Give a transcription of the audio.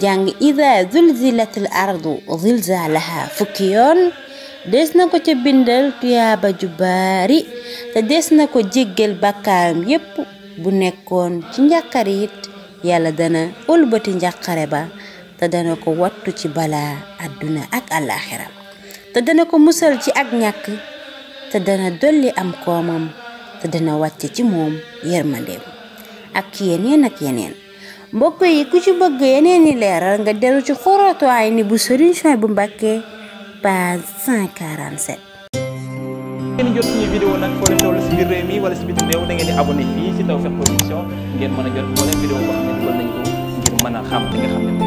jàng ida zulzilatil ardu zilzalaha fukki yoon des na ko ca bindal tuyaaba ju baari te des na ko jéggal bakkaaram yépp bu nekkoon ci njàqare it yàlla dana ëlbati njàqare ba te dana ko wattu ci balaa àdduna ak àllaaxira te dana ko musal ci ak ñàkk te dana dolli am koomam te dana wàcce ci moom yërmandeem ak yeneen ak yeneen mbokk yi ku ci bëgg yeneen i leeral nga dellu ci xoratu ay ni bu Serigne Souhaïbou Mbacké page 147. ngeen jot suñu vidéo nag foo leen si biir réew mi si bitim réew da ngeen di abonné fii si Tawfekh Production ngeen mën a jot moo ne dugal nañ a xam li nga xam